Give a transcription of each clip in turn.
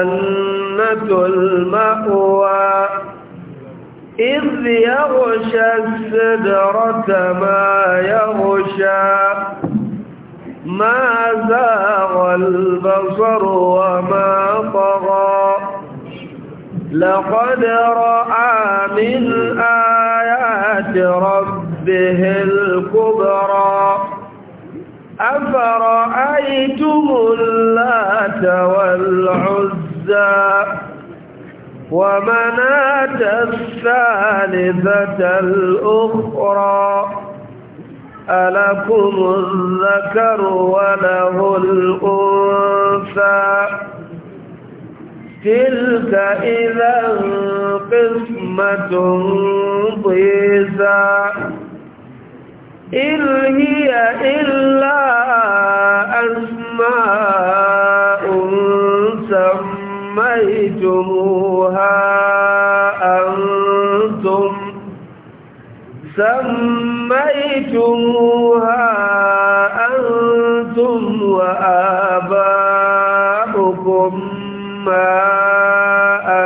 جنة المأوى إذ يغشى السدرة ما يغشى ما زاغ البصر وما طغى لقد رأى من آيات ربه الكبرى أفرأيتم اللات والعزى العزى ومناة الثالثة الأخرى ألكم الذكر وله الأنثى تلك إذا قسمة ضيزى إن هي إلا أسماء سميتموها أنتم سميتموها أنتم وآباؤكم ما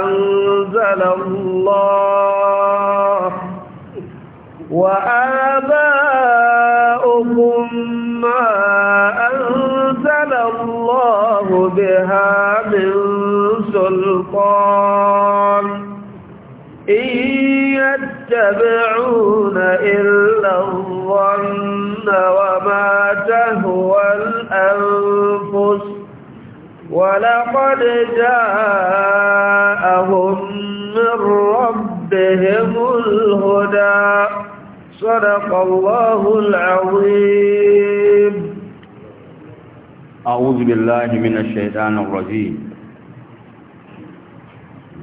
أنزل الله وآباؤكم ما أنزل الله بها سلطان إن يتبعون إلا الظن وما تهوى الأنفس ولقد جاءهم من ربهم الهدى صدق الله العظيم أعوذ بالله من الشيطان الرجيم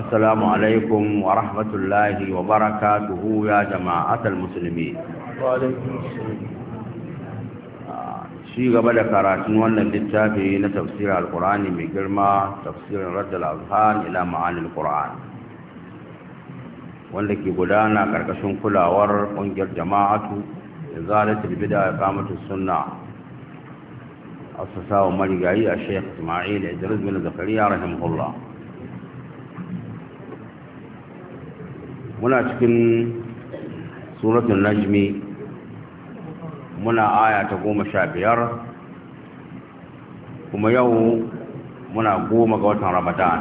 السلام عليكم ورحمة الله وبركاته يا جماعة المسلمين وعليكم السلام shi gaba da karatun wannan littafi na tafsirin alkur'ani mai girma tafsirin raddal azhan ila ma'anil qur'an wanda ke gudana karkashin kulawar kungiyar jama'atu izalatul bid'a iqamatus sunna assasawa marigayi a Sheikh Isma'il Idris bin Zakariya rahimahullah muna cikin suratun najmi muna aya ta goma sha biyar kuma yau muna goma ga watan ramadan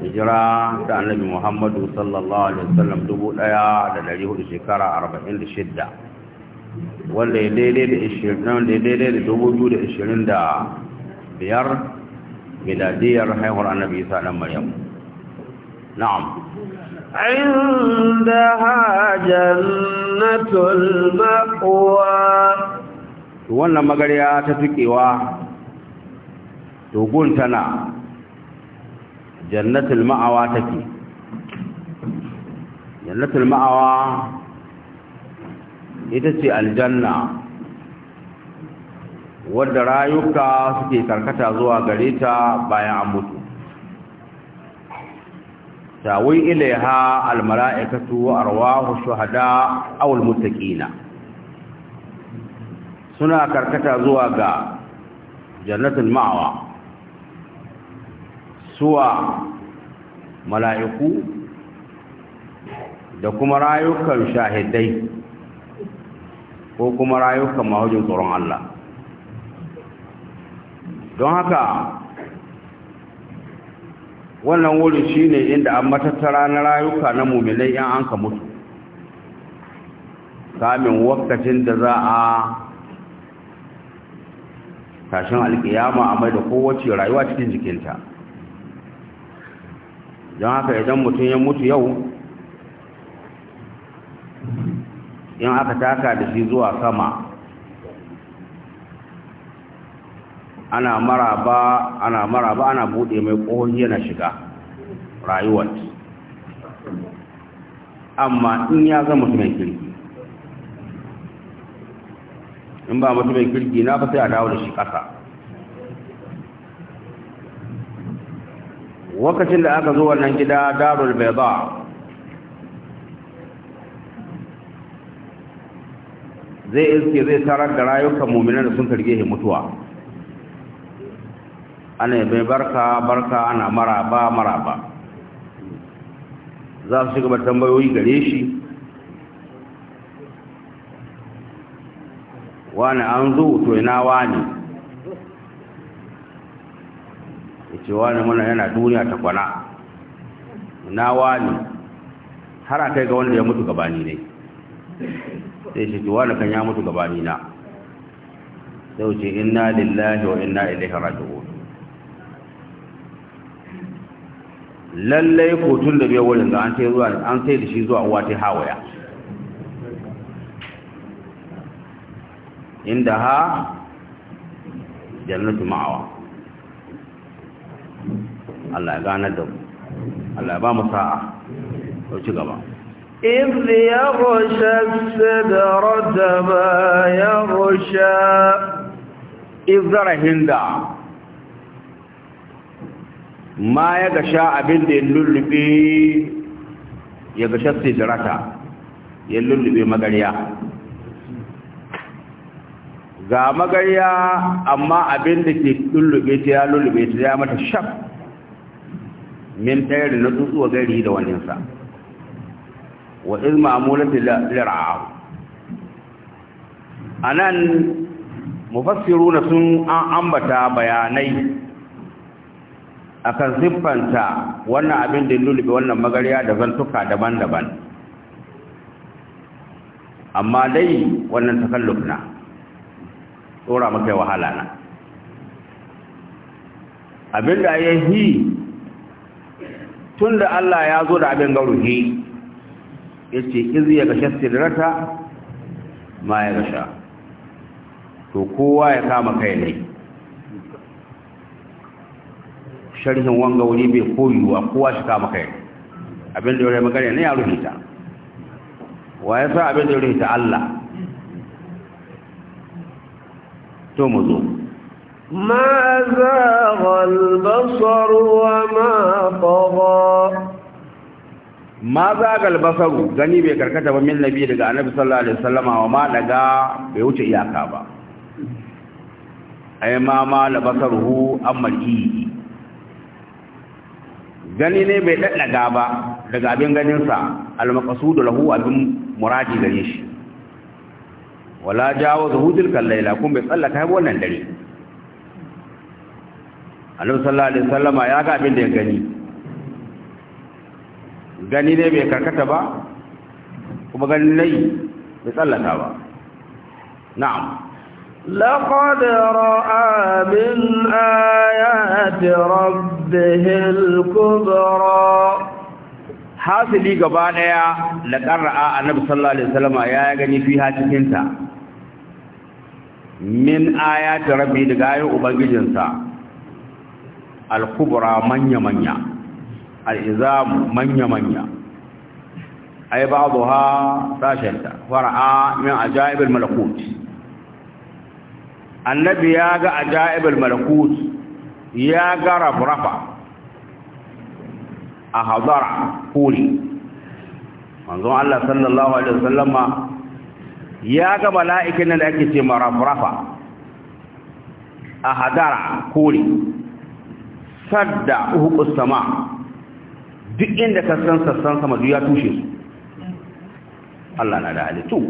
hijira ta annabi muhammadu sallallahu alaihi wasallam dubu daya da dari hudu shekara arba'in da shidda wanda ya daidai da daidai da dubu biyu da ishirin da biyar miladiyar haihuwar annabi isa dan maryam نعم عندها جنة المأوى wannan magariya ta tukewa dogon tana jannatul ma'awa ita ce aljanna wadda rayuka suke karkata zuwa gareta bayan an mutu tawi ilaiha almala'ikatu wa arwahu shuhada aw almuttaqina suna karkata zuwa ga jannatul ma'wa suwa mala'iku da kuma rayukan shahidai ko kuma rayukan mahujin tsoron Allah don haka wannan wurin shine inda an matattara na rayuka na muminai yan an ka mutu kamin wakacin da za a tashin alkiyama a mai da kowace rayuwa cikin jikinta don haka idan mutum ya mutu yau in aka taka da shi zuwa sama ana maraba ana maraba ana bude mai kohon yana shiga rayuwar amma in ya ga mutumin kirki in ba mutumin kirki na fa sai a dawo da shi kasa wakacin da aka zo wannan gida darul bayda zai iske zai tarar da rayukan muminan da sun karge mutuwa ana mai barka barka ana maraba maraba za su shiga tambayoyi gare shi wani an zo to ina wani ya ce wani muna yana duniya ta kwana ina wani har a kai ga wanda ya mutu gabani ne sai shi ce wani kan ya mutu gabani na sai wuce inna lillahi wa inna ilaihi raji'un lallai ko tun da biyar wurin da an sai zuwa an sai da shi zuwa uwa ta hawaya inda ha jannatu ma'awa Allah ya gane da Allah ya ba mu sa'a ko ci gaba إذ يغشى السدرة ما يغشى إذ رهن دعم ma ya gasha abin da ya lullube ya gasha sidrata ya lullube magariya ga magariya amma abin da ke lullube ta ya lullube ta ya mata shaf min tayar na tsutsuwa gari da waninsa wa izma amulati lir'a anan mufassiruna sun ambata bayanai akan siffanta wannan abin da lulube wannan magariya da zantuka daban-daban amma dai wannan takalluf na tsora maka wahala na abin da ya yi tun da Allah ya zo da abin garuhi ya ce izi ya gashe sidirata ma ya gasha to kowa ya kama kai ne sharhin wanga wuri bai koyuwa kowa shi kama kai abin da yare magana ne ya rubuta wa ya sa abin da ya rubuta Allah to mu zo ma zaga al-basar wa ma tagha ma zagal basaru gani bai karkata ba min nabi daga annabi sallallahu alaihi wasallama wa ma daga bai wuce iyaka ba ai ma ma la basaruhu amma al gani ne bai daddaga ba daga abin ganinsa al-maqsudu lahu abin muradi gare shi wala jawazu tilka kallaila kun bai tsallaka wannan dare Annabi sallallahu alaihi wasallama ya ga abin da ya gani gani ne bai karkata ba kuma gani ne bai tsallaka ba na'am لقد رأى من آيات ربه الكبرى حاصلي قبانا يا لقد رأى النبي صلى الله عليه وسلم يا يغني فيها تكنتا من آيات ربه دقائي وبنجنسا الكبرى من منيا الإزام من منيا أي بعضها تاشلتا ورأى من عجائب الملكوت annabi ya ga ajaibul malakut ya ga rabrafa a hazara kuri manzon Allah sallallahu alaihi wasallama ya ga mala'ikin nan da ake ce ma marafrafa a hazara kuri sadda uhuqus sama duk inda ka san sassan sama duk ya tushe su Allah na da halittu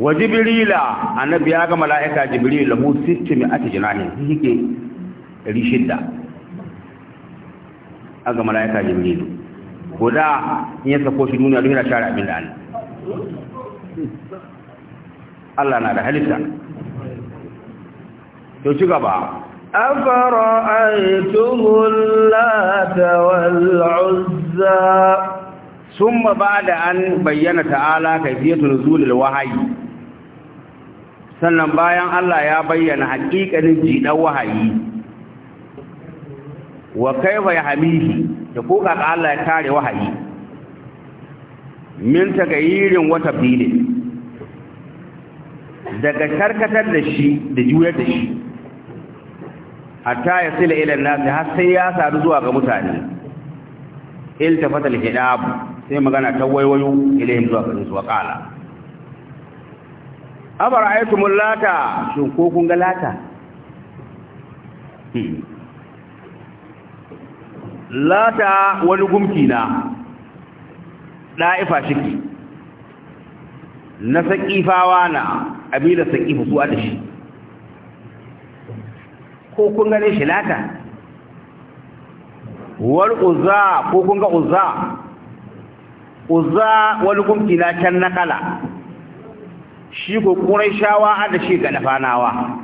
وجبريل أنا بياك ملاك جبريل له ست مئات جناني هيك ريشدة أجا ملاك جبريل غدا ينسى كوش دوني أروح إلى شارع بلدان الله نادى هل سان توشيكا با أفرأيتم اللات والعزى ثم بعد أن بين تعالى كيفية نزول الوحي sannan bayan Allah ya bayyana haƙiƙanin jidan wahayi wa kaifa ya hamihi da kuka Allah ya tare wahayi min tagayirin wata bile daga karkatar da shi da juyar da shi hatta ya sila ila nasi har sai ya sadu zuwa ga mutane iltafatal hidab sai magana ta waiwayo ilayhim zuwa ga su qala abar aitumul lata shin ko kun ga lata hmm. lata wani gumki na ɗa'ifa shiki na saƙifawa na da saƙifa su da shi ko kun gane shi lata Wani uzza ko kun ga uzza uzza wani gumki na can na kala shi ko ƙuraishawa da shi ga nafanawa.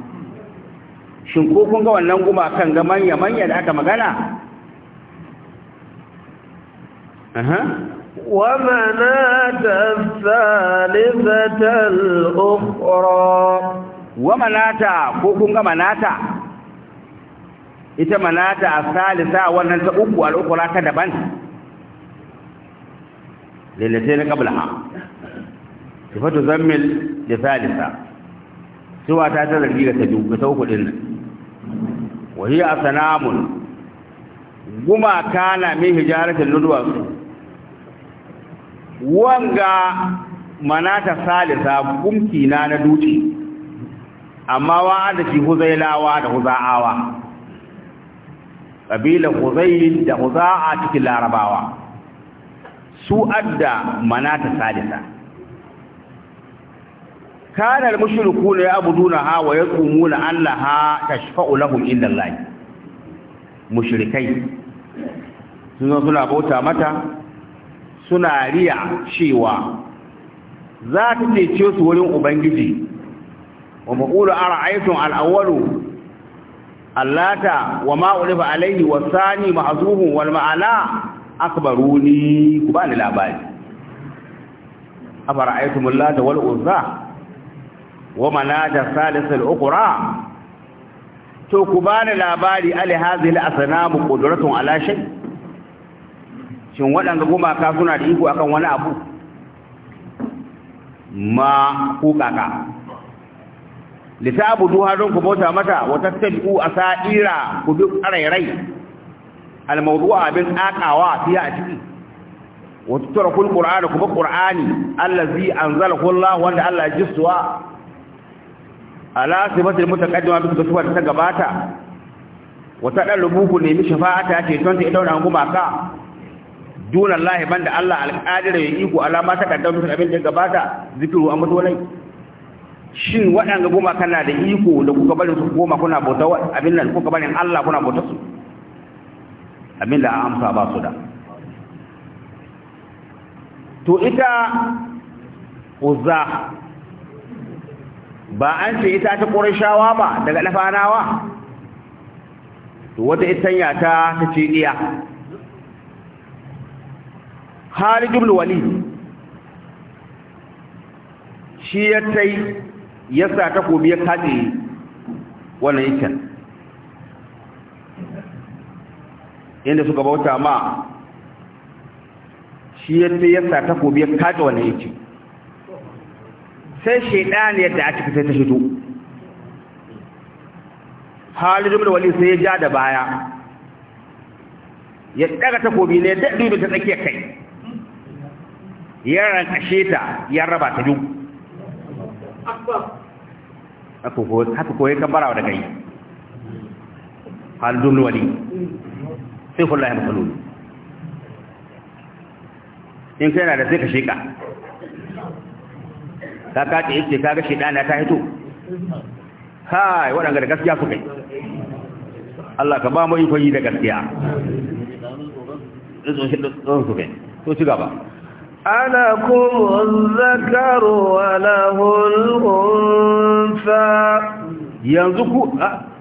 shin ko kun ga wannan gumakan ga manya-manya da aka magana? ومنات ko kun ga كوكو منات ita manata a salisa wannan ta uku al'ukura ta daban lalace na kabla sifatu zammil da salisa cewa ta ta ga ta biyu ga ta uku din nan wa hiya sanamun. guma kana min hijaratin ludwa wanga manata salisa gumki na na duci amma wa da shi huzailawa da huza'awa kabilan huzail da huza'a cikin larabawa su adda manata salisa kana al-mushrikuna ya'buduna ha wa yaqumuna allaha tashfa'u lahum illa allah mushrikai sun zo suna bauta mata suna riya cewa za ta cece su wurin ubangiji wa maqulu ara'aytum al-awwalu allata wa ma ulifa alayhi wa sani ma'zuhu wal ma'ala akbaruni ku ba ni labari afara'aytum allata wal uzza wa da salisul ukura to ku bani labari alhazil asnamu qudratun ala shay shin waɗanda gumaka suna da iko akan wani abu ma ku kaka litabudu hadon ku bauta mata wa a asaira ku bi qarairai almawdu'a bin aqawa fiya a ciki wa tutrakul qur'ana ku bi qur'ani allazi anzalahu Allah wanda Allah jiswa ala sifatul mutaqaddima bi da ta gabata wata dan rubuku ne mi shafa'ata ce ton ta daura guma ka dunan Allah banda Allah alqadir ya iko alama ta kaddam su abin da gabata zikiru amma dolai shin waɗanda goma kana da iko da kuka barin su goma kuna bauta abin nan kuka barin Allah kuna bauta su abin da amsa ba su da to ita uzah ba an ce ita ta ƙurashawa ba daga ɗafanawa wata itanya ta ta ce iya Hali wali shi ya tai ya sa kobi ya kaɗe wannan itan inda suka bauta ma shi ya tai ya sa kobi ya kaɗe wannan itan sai shaidan yadda aka fita ta shigo Halidu bin wali sai ya ja da baya ya daga takobi ne da dubi ta tsakiyar kai ya rankashe ta ya raba ta duk, haka koyi kan barawa da kai Halidu bin wali sai kula ya matsaloli in kai na da sai ka sheka ka kaɗe ce kaga shiɗana ta hito hai waɗanda da gaskiya su kai Allah ka ba mu iko yi da gaskiya to ci gaba ana kuma zakaru wala hulhunsa yanzu ku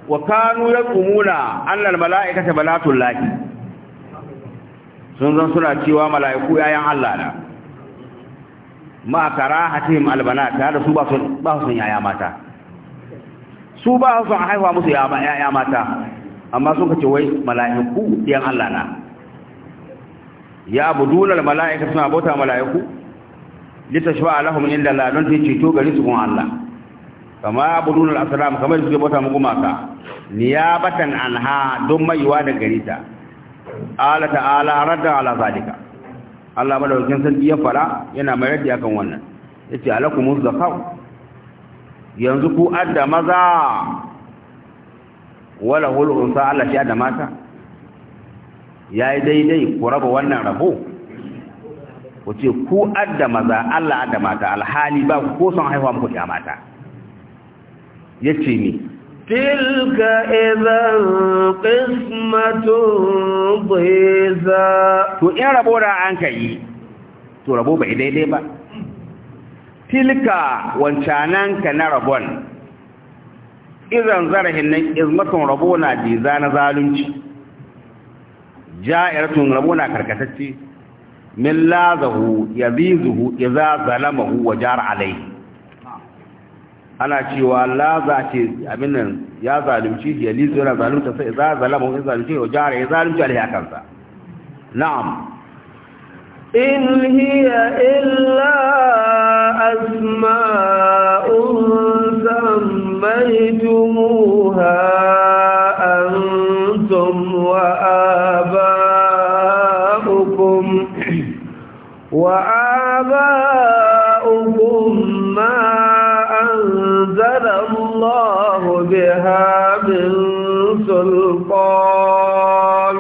wa kanu ya kumuna annal mala'ika ta balatun laki sun zan suna cewa mala'iku yayan Allah na ma karahatihim albanat tare da su ba su ba su yaya mata su ba su haifa musu yaya mata amma sun kace wai mala'iku diyan Allah na ya budulal mala'ika suna bauta mala'iku litashwa lahum inda la don ta ceto gari su kun Allah kama budulal asram kamar su bauta mu gumaka niyabatan anha don maiwa da garita Allah ta'ala radda ala zalika Allah madaukakin sarki ya fara yana mayar da akan wannan yace da zakar yanzu ku adda maza wala hulunsa Allah shi adda mata yayi daidai ku raba wannan rabo ku ce ku adda maza Allah adda mata alhali ba ku ko son haihuwa muku ya mata yace ni تلك إذا قسمة ضيزة تو إن ربو لا عنك إي تو ربو بإيدي دي با تلك وانشانانك نربون إذا انزرهن مطن ربونا ديزان ظالمش جائرة ربونا كركتتي من لاذه يبيذه إذا ظلمه وجار عليه ana cewa la za ce abin nan ya zalunci ya lizo na zalunta sai za zalama wani zalunci ya jara ya zalunci alaiya kansa na'am in hiya illa asma'un sammaytumuha antum wa aba'ukum wa aba'ukum بها من سلطان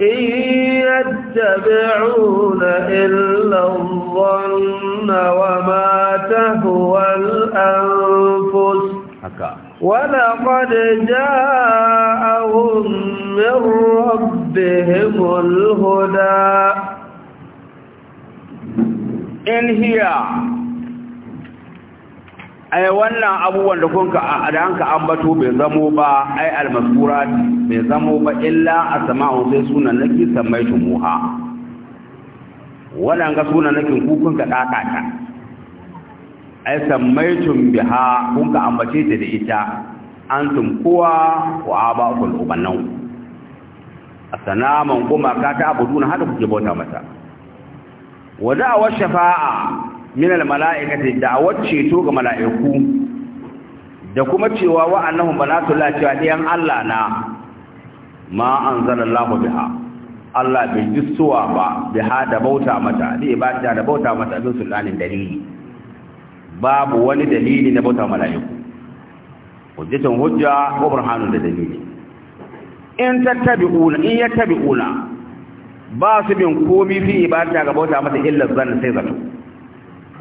إن يتبعون إلا الظن وما تهوى الأنفس ولقد جاءهم من ربهم الهدى إن هي ai wannan abubuwan da kunka da hanka ambato bai zamo ba ai almasurat bai zamo ba illa asma'u sai sunan nake sammai muha wannan ga sunan nake ku kunka daka ta ai sammai biha kunka ambace ta da ita antum kuwa wa aba'ul ubannan man kuma ka ta abuduna hada kuke bauta mata wa wa shafa'a da a wacce to ga mala'iku da kuma cewa wa annahum banatullah cewa ɗayan Allah na ma an anzalallahu biha Allah bai jissuwa ba biha da bauta mata da ibada da bauta mata bin sultanin dalili babu wani dalili na bauta mala'iku hujjatun hujja ko burhanun da dalili in tattabi'una in una, ba su bin komi fi ibada ga bauta mata illa zanna sai zato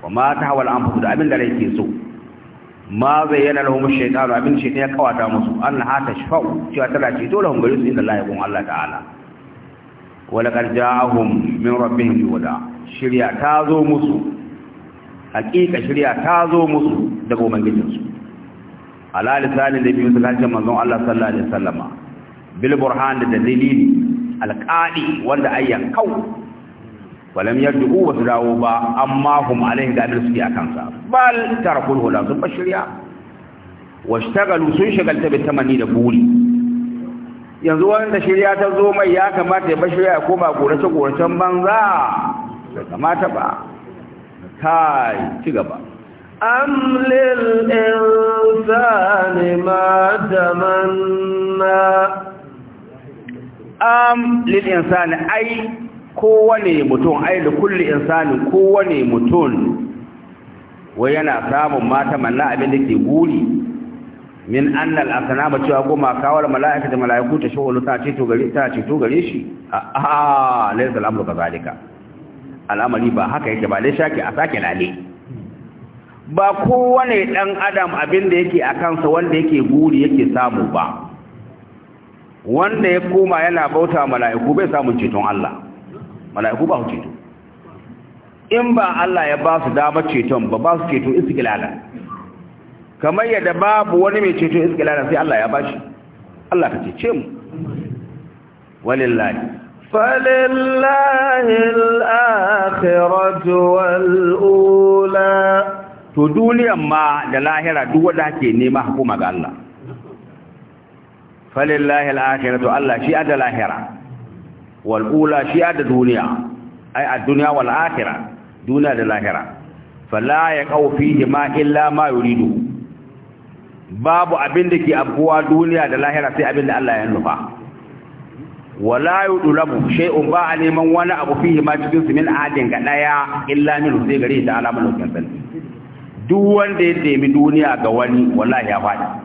wa ma ta hawal an da abin da ke so ma zai yana lahum shaytanu abin shaytan ya kawata musu an ha ta shafau cewa tana ce to lahum gari su inda Allah ya gun Allah ta'ala wa laqad ja'ahum min rabbihim yuda shirya ta zo musu hakika shirya ta zo musu daga ubangijinsu ala lisanin da biyu sulhancin manzon Allah dalili wanda ayyan kau falam yarju'u wa dawo ba amma hum alaihi da suke a kansa. bal tarakul hula sun bashirya. Wasu tagalu sun shagalta bi tamani da buri yanzu wanda shirya ta zo mai ya kamata ya bashirya, shirya ya koma gorace goracen banza bai kamata ba kai ci gaba أم ma ما تمنى أم للإنسان ai. kowane mutum ai da kulli insanin kowane mutum wai yana samun mata manna abin da ke guri min annal ba cewa goma kawar mala'ika da mala'iku ta shawulu ta ce to gare ta ce to gare shi a laysa al'amru kazalika al'amari ba haka yake ba dai shaki a sake lale ba kowane dan adam abin da yake akan sa wanda yake guri yake samu ba wanda ya koma yana bauta mala'iku bai samu ceton Allah mala'iku ba su ceto in ba Allah ya ba su dama ceton ba ba su ceto istiqlalan kamar yadda babu wani mai ceto istiqlalan sai Allah ya bashi Allah ka cece mu walillahi falillahi al-akhiratu wal-ula to duniyan ma da lahira duk wanda ke nema hukuma ga Allah falillahi al-akhiratu Allah shi da lahira wal'ula shi da duniya ai a duniya wal duniya da lahira fala ya kawo fihi ma illa ma yuridu babu abin da ke abuwa duniya da lahira sai abin da Allah ya nufa wala yi yudulabu shay'un ba a neman wani abu fihi ma cikin su min ahadin ga ɗaya illa min sai gare da alamun lokacin duk wanda ya nemi duniya ga wani wallahi ya faɗi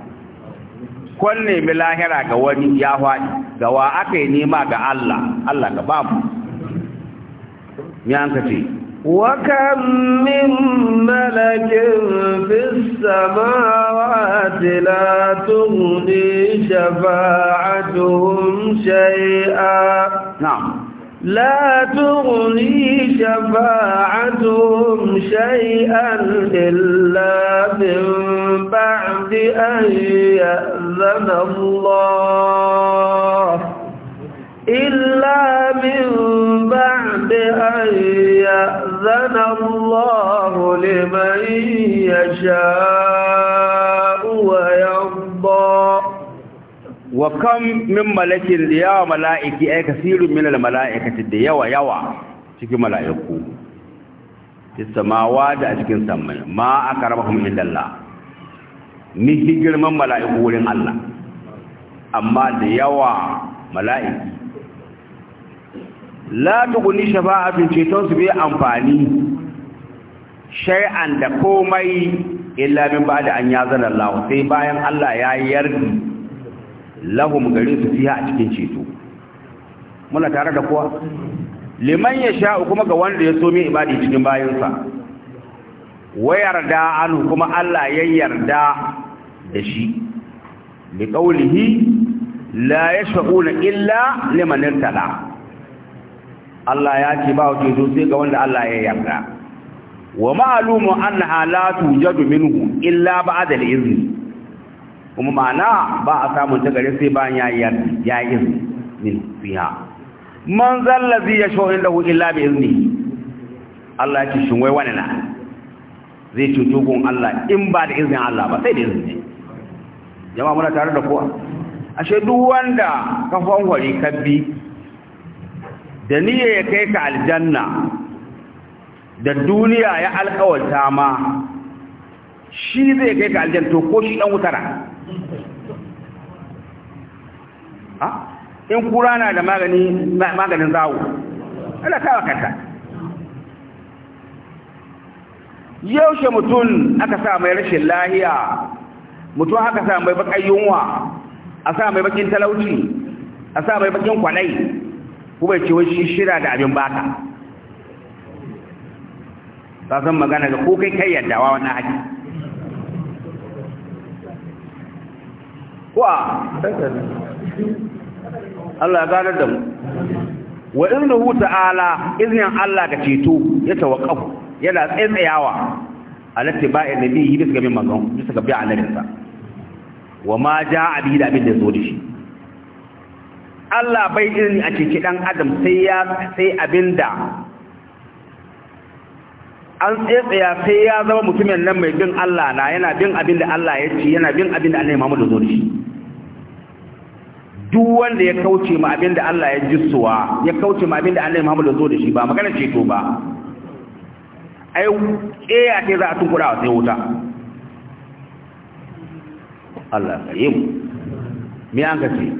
kon nemi lahira ga wani ya haɗi ga wa aka yi nema ga Allah, Allah ga babu. Yanka ce, Wakan min malakin fi sama wa tilatun ni shafa'atun shai'a. Na'am. لا تغني شفاعتهم شيئا إلا من بعد أن أنزل الله إلا من بعد أن يأذن الله لمن يشاء ويرضى وكم من ملك يا ملائكي أي كثير من الملائكة دي يوى يوى شكي ملائكو السماوات أشكي سمي ما أكرمكم إلا الله ni girman mala'iku wurin Allah amma da yawa mala'iki la tuguni shafa'atun ceton su bai amfani shari’an da komai illa min ba'da an yazana Allah sai bayan Allah ya yardi lahum gari su fiye a cikin ceto muna tare da kuwa? liman ya sha'u kuma ga wanda ya so mai ibadi cikin bayansa wayarda an kuma Allah ya yarda da shi bi qawlihi la yashfa'una illa liman irtada Allah ya ce ba wace zo sai ga wanda Allah ya yarda wa ma'lumu annaha la tujadu minhu illa ba'da al-izni kuma ma'ana ba a samun ta gare sai ba ya ya izni min fiha man zallazi yashfa'u indahu illa bi izni Allah ya ce shin wai wani na zai cuto gun Allah in ba da izinin Allah ba sai da izinin jama'a muna tare da kowa ashe duk wanda ka wari kabbi da niyya ya kai ka aljanna da duniya ya alƙawarta ma shi zai kai ka aljanna to ko shi dan wutara ha in kura na da magani maganin zawo ala kawa kanta yaushe mutum aka sa mai rashin lahiya mutum haka sa mai bakin yunwa a sa mai bakin talauci a sa mai bakin kwanai ku ce wai shi shira da abin baka ta san magana ga ko kai kai yaddawa wannan haji kuwa Allah ya gane da mu wa innahu ta'ala iznin Allah ga ceto ya tawaqqafu yana tsayawa alatti ba'in nabi bisa ga bin manzon bisa ga bi annabinsa wa ma ja'a bihi da abin da zo da shi Allah bai irin a cikin dan adam sai ya sai abinda an tsaya sai ya zama mutumin nan mai bin Allah na yana bin abinda Allah ya ce yana bin abinda Allah ya Muhammadu zo da shi duk wanda ya kauce ma abinda Allah ya jissuwa ya kauce ma abinda Allah ya da zo da shi ba magana ceto ba ai ƙeya ce za a tunkuɗa a sai wuta Allah kare mu me an kace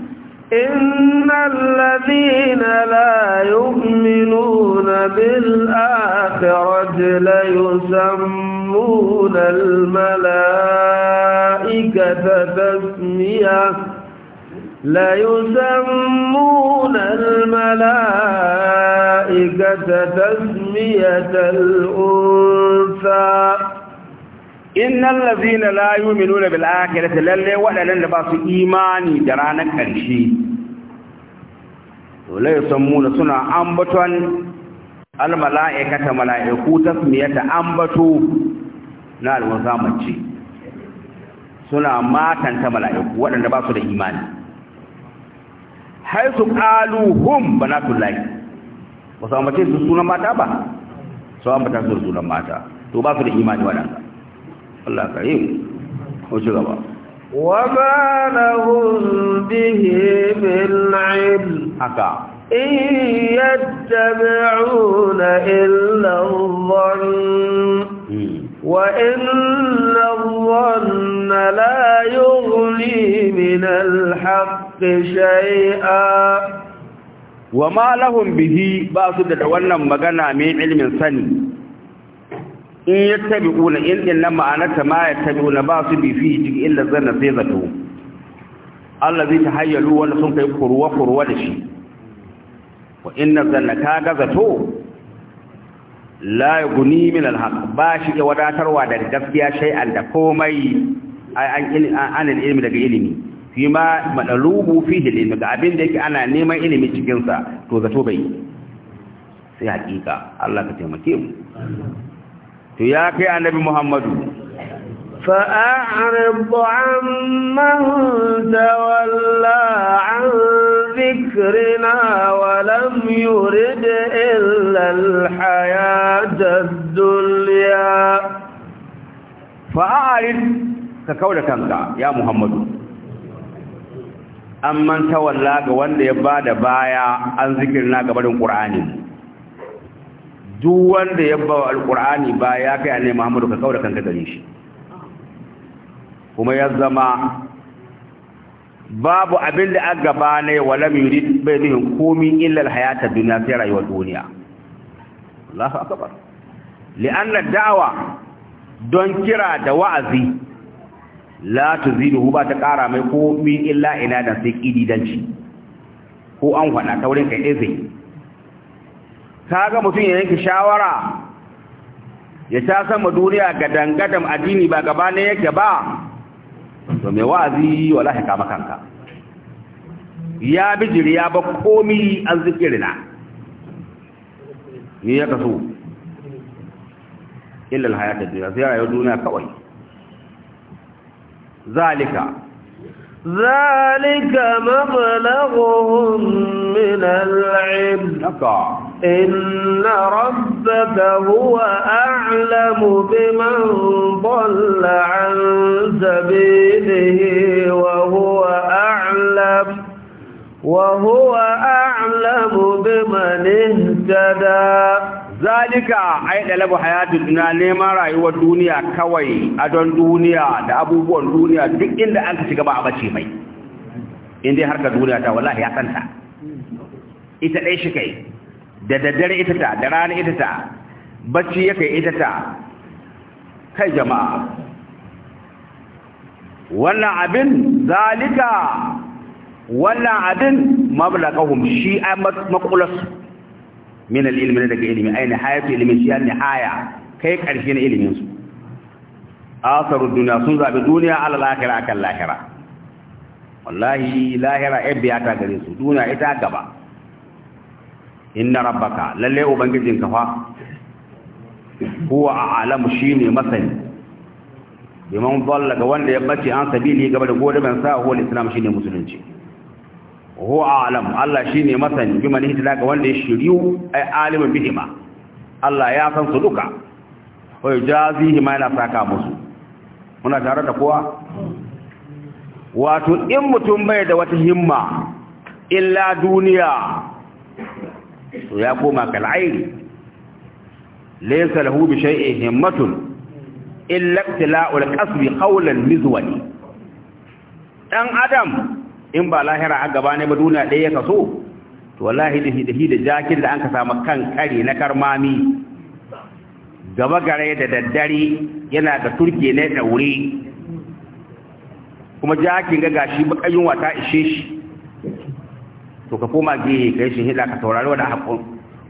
innal ladina la yu'minuna bil akhirati la yusammuna al malaikata tasmiyah ليسمون الملائكة تسمية الأنثى إن الذين لا يؤمنون بالآخرة للي ولا لنباس إيماني درانا كرشي ولا يسمون سنة أنبتا الملائكة ملائكة تسمية أنبتو نال وزامتشي suna matanta mala'iku waɗanda ba su da imani haisu aluhum hum banatul lay wa sa mace su suna mata ba so an bata su suna mata to ba su da imani wannan Allah karim ko shi gaba wa banahum bihi bil ilm aka in yattabi'una illa dhann وإن الظن لا يغني من الحق شيئا وما لهم به باسد العوانا مغانا من علم سني إن يتبعون إن إنما أنت ما يتبعون باسد فيه إلا الظن سيذته الذي تحيلوا ونسنك يقروا وقروا لشي وإن الظن كاغذته la guni min alhaq ba shi ya wadatarwa daga gaskiya shay'an da komai an ilmi daga ilimi fi ma madalubu fi ilmi ga abin da yake ana neman ilimi cikin sa to zato bai sai hakika Allah ka taimake mu to ya kai annabi Muhammadu فأعرض amman tawalla an ذكرنا ولم يرد إلا الحياة الدنيا فأعرف كقول كنك يا محمد أمن تولى وان يباد بايا عن ذكرنا قبل القرآن duk wanda ya القرآن بايا ba محمد kai ne muhammadu ka kaura kuma ya zama babu abin da aka gaba ne walam yuri bai nuhin komi illa alhayata duniya sai rayuwar duniya Allahu akbar li'anna da'wa don kira da wa'azi la tuzidu ba ta kara mai komi illa ina da sai kididanci ko an fada ta wurin kai zai kaga mutum ya yanke shawara ya ta sama duniya ga dangadam addini ba gaba ne yake ba to mai wa'azi wala haka makanka ya bijiri ya ba komi an zikirina ni ya kaso illa alhayata duniya sai rayuwar duniya kawai zalika zalika mablaghuhum min al'ilm إن ربك هو أعلم بمن ضل عن سبيله وهو أعلم وهو أعلم بمن اهتدى ذلك أي طلب حياة الدنيا نيما رأيوة الدنيا كوي أدون دنيا دا أبوبون دنيا دك إن دا أنت شكبا أبتشي مي إن دي حركة دنيا تا والله يا سنتا إتلعيش كي da daddare ita ta da rana ita ta bacci yake ita ta kai jama'a wannan abin zalika wannan abin mablaqahum shi maqulas min al-ilmi daga ilimi aina hayatu ilmi shi ne haya kai karshe na ilimin su asaru duniya sun zabi duniya ala lahira akan lahira wallahi lahira ai biya ta gare su duniya ita gaba inna rabbaka lalle ubangijinka fa huwa a'lamu shine masani biman dalla ga wanda ya bace an sabili gaba da gode ban sa huwa islam shine musulunci huwa a'lam Allah shine masani biman hidda ga wanda ya shiriyu ai alimu bihima Allah ya san su duka Wai jazihi ma yana saka musu muna tare da kowa wato in mutum bai da wata himma illa duniya to ya koma kal'airi laysa lahu bi shay'i himmatun illa ibtila'ul qasbi qawlan mizwani dan adam in ba lahira a gaba ne ba duniya ɗaya ya kaso to wallahi da da jakin da an ka samu kan kare na karmami gaba gare da daddare yana da turke ne daure kuma jakin ga gashi bakayin wata ishe shi to ka koma gehe ka yi shahida ka saurari wadda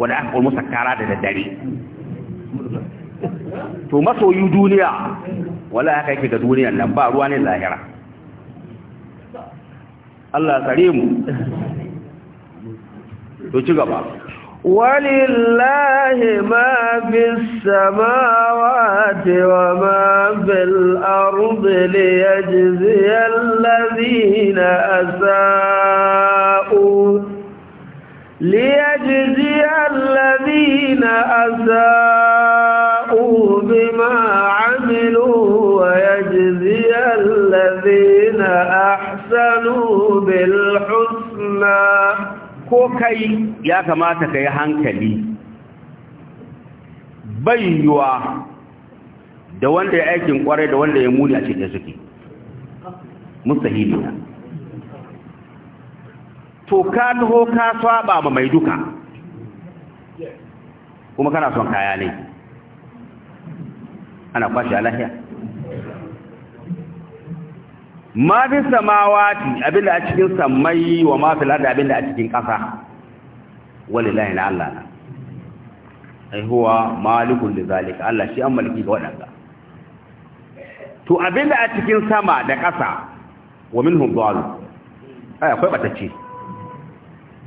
aka kulmu sakara da daddare to masoyi duniya wala haka yake ga duniyan nan ba ruwa ne lahira Allah tsare mu to ci gaba ولله ما في السماوات وما في الأرض ليجزي الذين أساءوا ليجزي الذين أساءوا بما عملوا ويجزي الذين أحسنوا بالحسنى ko kai ya kamata ka yi hankali bayuwa da wanda ya aikin kwarai da wanda ya muni a cikin suke mustahili to ka taho ka saba ma mai duka kuma kana son kaya ne ana kwashe a lahiya ma fi samawati abin da a cikin sammai wa ma fi lada abin da a cikin ƙasa wani layin Allah na aihuwa malikun da zalika Allah shi an maliki ga waɗanda to abin da a cikin sama da ƙasa wa min hunzalu ai akwai batacce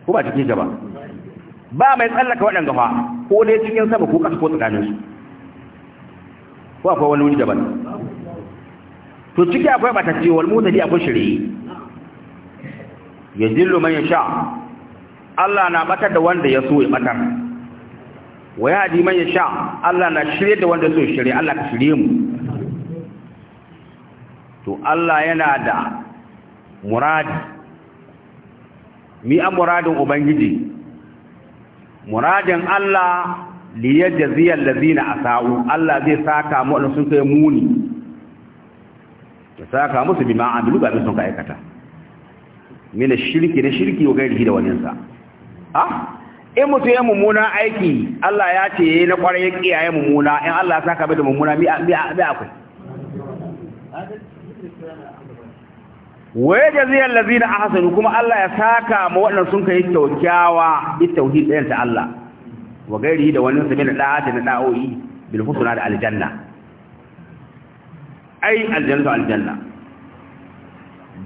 ko ba cikin gaba ba mai tsallaka waɗanda fa ko dai cikin sama ko ƙasa ko tsakaninsu ko akwai wani wuri daban to ciki akwai matacce wal mutadi akwai shiri yadillu man yasha Allah na batar da wanda ya so ya batar wa di man yasha Allah na shirye da wanda so ya shirye Allah ka shirye mu to Allah yana da muradi mi an muradin ubangiji muradin Allah liyajziya allazina asau Allah zai saka mu sun kai muni ya saka musu bi ma'amilu abin sun ka aikata mina shirki na shirki wa gairihi da sa ah in mutu ya mummuna aiki Allah ya ce yayi na kwarai ya kiyaye mummuna in Allah ya saka bai da mummuna bi mi akwai wa jaziyar lazina ahsanu kuma Allah ya saka ma waɗannan sun kai tawkiyawa bi tauhid ɗayan ta Allah wa gairi da waninsa min da'ati na da'o'i bil husna da aljanna ai aljanna aljanna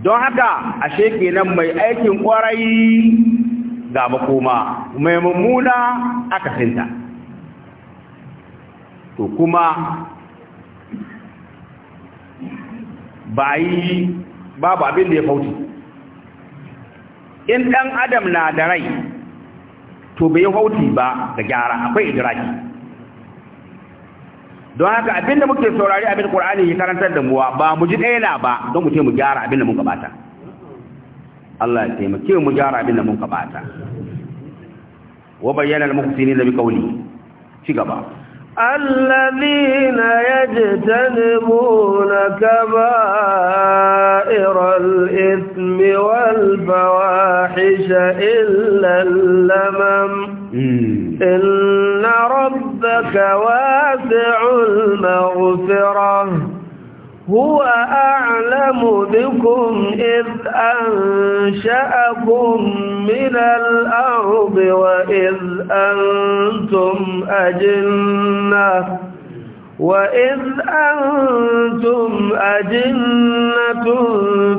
don haka ashe kenan mai aikin kwarai ga makoma mai mummuna aka finta, to kuma ba babu abin da ya fauti in ɗan adam na da rai to bai fauti ba ga gyara akwai idraki don haka abinda muke saurari abin Qur'ani ya karantar da mu ba mu ji daina ba don mu ce mu gyara abinda mun gabata Allah ya taimake mu gyara abinda mun gabata wa bayyana al-muqsinina bi qawli ci gaba الذين يجتنبون كبائر الإثم والفواحش إلا اللمم إن رب ربك واسع المغفرة هو أعلم بكم إذ أنشأكم من الأرض وإذ أنتم أجنة وإذ أنتم أجنة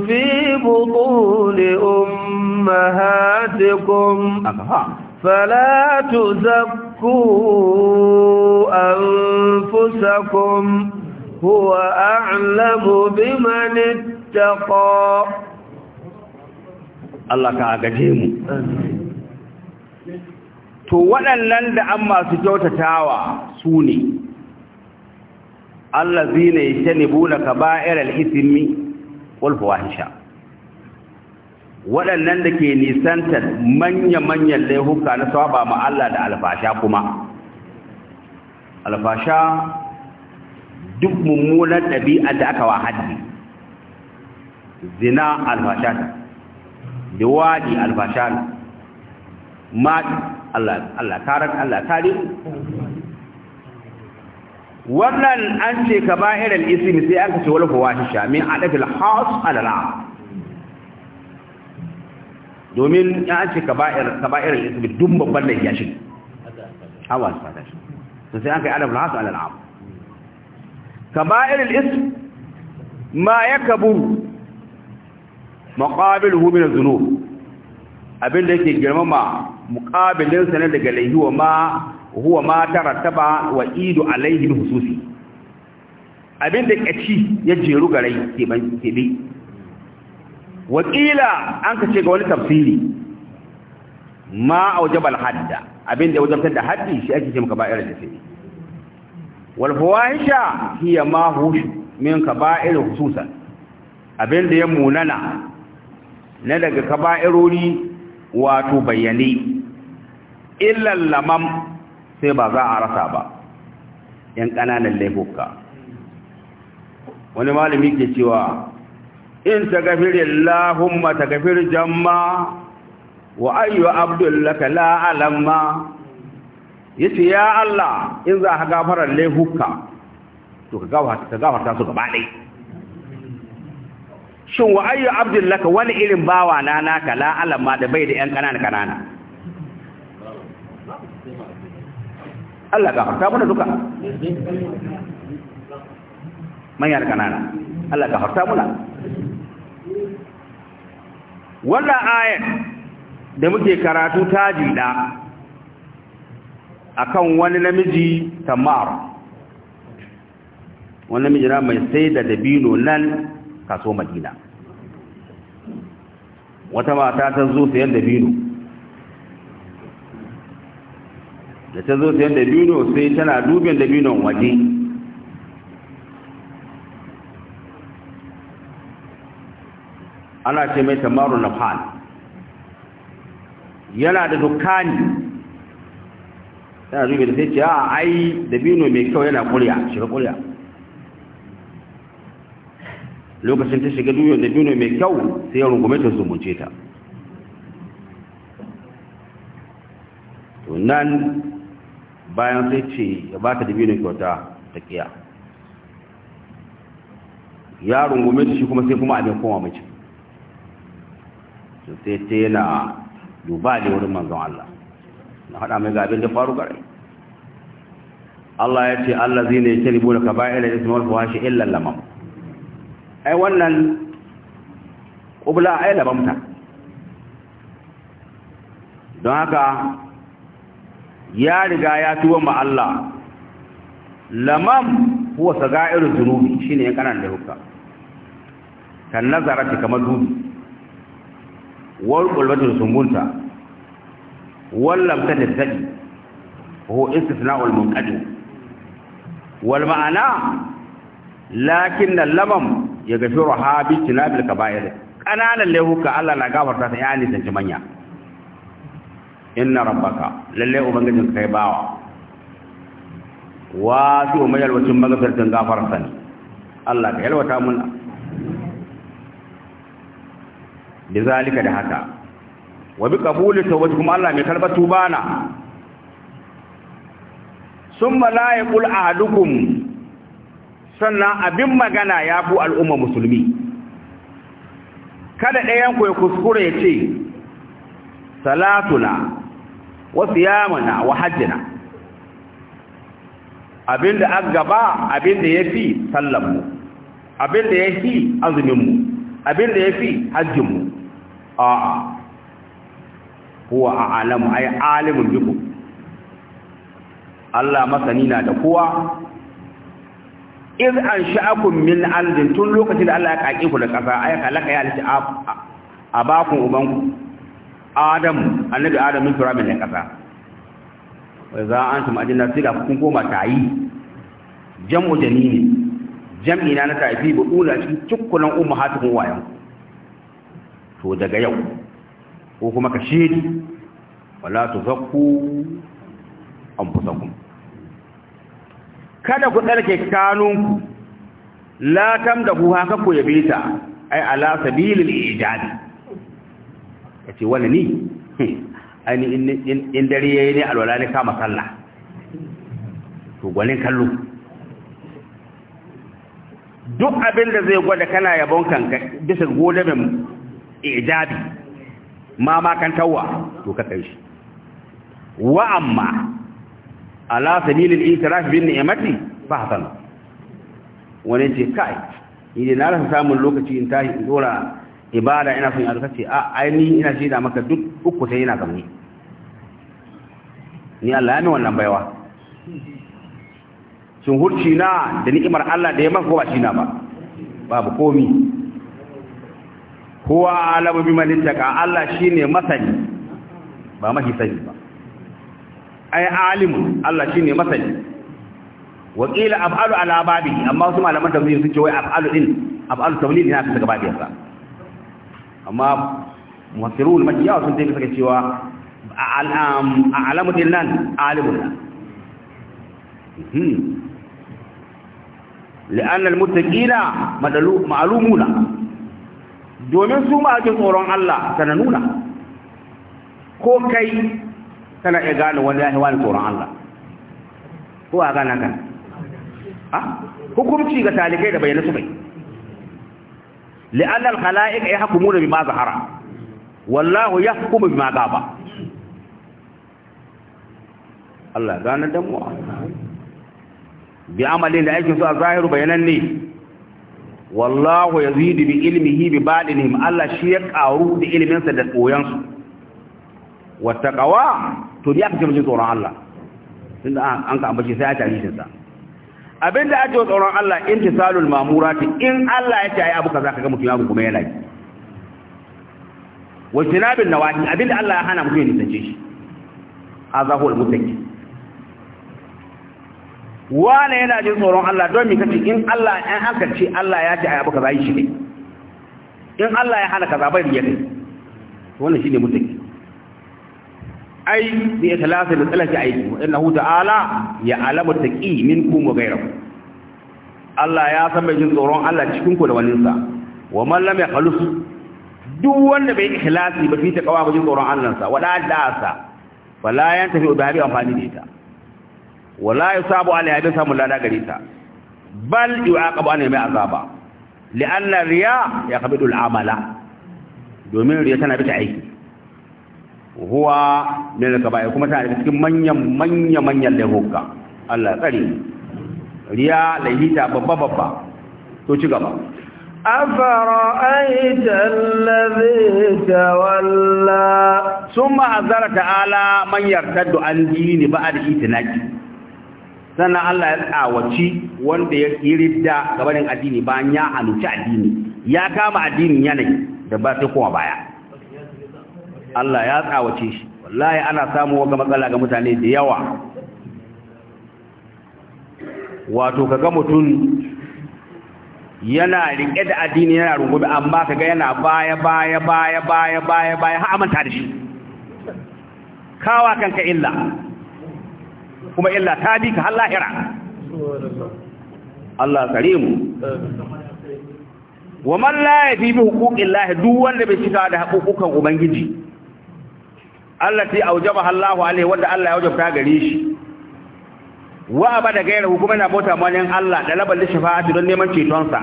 في بطون أمهاتكم فلا تزكوا وزكوا أنفسكم هو أعلم بمن اتقى Allah ka agaje mu to waɗannan da an masu kyautatawa su ne allazina yastanibuna kaba'iral ithmi wal fawahisha waɗannan da ke nisantar manya-manyan laihuka na saba ma Allah da alfasha kuma alfasha duk mummunan ɗabi'a da aka wahaddi zina alfasha waɗi alfasha ma Allah karar Allah kare wannan an ce ka bahirar ismi sai an kace wal fawahisha min adafil khas alal domin ya ce kaba'ir kaba'ir al-ismi dun babban laifi ya shi awal fata shi to sai an kai adab al-hasu ala al-am kaba'ir al-ism ma yakbur maqabiluhu min adh-dhunub abinda yake girmama muqabilin sa ne daga laifi ma huwa ma tarattaba wa ido alayhi bi hususi abinda kaci ya jeru garai ke ke bi wakila an ka ce ga wani tafsiri ma aujabal hadda abin da wajabtar da haddi shi ake ce kaba'ir da sai wal fawahisha hiya ma hush min kaba'ir hususan abin da ya munana na daga kaba'irori wato bayyane illa lamam sai ba za a rasa ba yan kananan laifuka wani malami ke cewa in tagafiri Allahumma tagafiri jamma wa ayyu abdullaka la alamma yace ya Allah in za ka gafara laifuka to ka gafarta su gaba ɗaya shin wa ayyu abdullaka wani irin bawa na naka la alamma da bai da yan kanana kanana Allah gafarta mana duka manyan kanana Allah gafarta mana wannan ayat da muke karatu ta jida akan wani namiji tamar wani namiji na mai sai da dabino nan kaso madina wata mata ta zo sayan dabino da ta zo sayan dabino sai tana dubin dabinon waje ana ce mai tamaru nafhan yana da dukkani yana zuwa da sai ce a ai dabino mai kyau yana kurya shiga kurya lokacin ta shiga da dabino mai kyau sai ya rungume ta zumunce ta nan bayan sai ce ya ba ta dabino kyauta ta kiya ya rungume ta shi kuma sai kuma abin koma mace to sai ta yana duba da wurin manzon Allah na haɗa mai gabin da faru gare Allah ya ce Allah zai ne ta ribu da ka bayan da ismar fuwa shi illan lamam ai wannan ƙubla ai lamamta don haka ya riga ya tuwa ma Allah lamam huwa saga'iru zunubi shine yan kanan da hukka kan shi kamar dubi wal qulbatun sumbunta wal lam tadaddadi هو استثناء المنقطع والمعنى لكن اللمم يغفرها باجتناب الكبائر قنانا له كالله لا غفرت يعني تنجي ان ربك لله ubangijin kai bawa wato mai alwacin magafirtin gafarta ne Allah ka yalwata da zalika da haka wa bi qabuli tawbati kuma Allah mai karbar tuba summa la yaqul ahadukum sannan abin magana ya ku al'umma musulmi kada ɗayan ku ya kuskure ya ce salatuna wa siyamuna wa hajjina abinda an gaba abinda yafi sallanmu abinda yafi azuminmu abinda yafi hajjinmu a'a huwa a'lamu ay alimun bikum Allah masani na da kowa iz ansha'akum min aldin tun lokacin da Allah ya kaki ku da kasa ay khalaqa ya lati abaku ubanku adam annabi adam min turabin da kasa wa za antum ajinna sida kun koma tayi jam'u janini jam'i na na ta'ifi bu ula cikin cukkulan ummahatukum wayanku to daga yau ko kuma ka shedi wala tuzakku anfusakum kada ku tsarke kanunku la tamdahu haka ku yabe ta ai ala sabilil ijad kace wani ni ani in in dare yayi ne alwala ne kama sallah to gwanin kallo duk abin da zai gwada kana yabon kanka bisa godaben ijabi ma makantawa to ka kai shi wa amma ala al itiraf bin ni'mati fa hasan wani ce kai idan na rasa samun lokaci in tashi in dora ibada ina son yarda ce a aini ina da maka duk uku sai ina gamni ni Allah ya mi wannan baiwa Sun hurci na da ni'imar Allah da ya maka ba shi na ba babu komi huwa alamu bi malittaka Allah ne masani ba mahi sani ba ai alimu Allah shi ne masani Wakila qila af'alu ala babi amma su malaman tafsir sun ce wai af'alu din af'alu tawlid ne aka saka babiyar sa amma mufassirul makiya sun tafi saka cewa al'am alamu din nan alimu لأن المتقين معلومون domin su ma tsoron Allah kana nuna ko kai kana iya gane wani ya wani tsoron Allah ko a gana kan ha ah, hukunci ga talibai da bayyana su bai li'annal khala'iq yahkumuna ma zahara wallahu ya yahkumu ma gaba Allah gane dan mu bi amalin da aikinsu a zahiru bayanan ne wallahu yazidu bi ilmihi bi badinihim Allah shi ya karu da ilimin sa da koyan su wa taqwa to ya kace mujin tsoron Allah da an ka ambace sai a tarihin sa abinda ake tsoron Allah intisalul mamurati in Allah ya ce ayi abu kaza kaga mutum ya abu kuma yana yi wa jinabin nawahi abinda Allah ya hana mutum ya nisance shi azahul mutaki wane yana jin tsoron Allah domin mi kace in Allah an aka ce Allah ya ce a abu kaza yi shi ne in Allah ya hana kaza bai riya kai wannan shine mutaki ai bi ikhlasi da tsalaki aiki innahu ta'ala ya alamu taqi minkum wa ghayrakum Allah ya san mai jin tsoron Allah cikin ku da sa wa man lam yakhlus duk wanda bai ikhlasi ba fi takawa ba jin tsoron Allah sa wada da sa fala yantafi bi amfani da ita wala sabu alaiha bi samu lada gare ta bal aka bani mai azaba li'anna riya ya yaqbidu amala. domin riya tana bita aiki huwa min ka kabai kuma tana cikin manyan manyan manyan laifuka Allah tsari riya laihita babba babba to ci gaba أفرأيت الذي تولى ثم أذر تعالى من يرتد عن دين بعد إتناجه sannan Allah ya tsawaci wanda ya ridda gabanin addini bayan ya amince addini ya kama addinin yanayi da ba sai kuma baya Allah ya tsawace shi wallahi ana samu wata matsala ga mutane da yawa wato kaga mutum yana rike da addini yana rungume amma kaga yana baya baya baya baya baya baya har amanta da shi kawa kanka illa kuma illa ta bi ka har Allah kare mu wa man la yafi bi duk wanda bai cika da hukukan ubangiji allati awjabaha Allahu alaihi wanda Allah ya wajabta gare shi wa abada gaira kuma na bauta manyan Allah da labar shafa'ati don neman ceton sa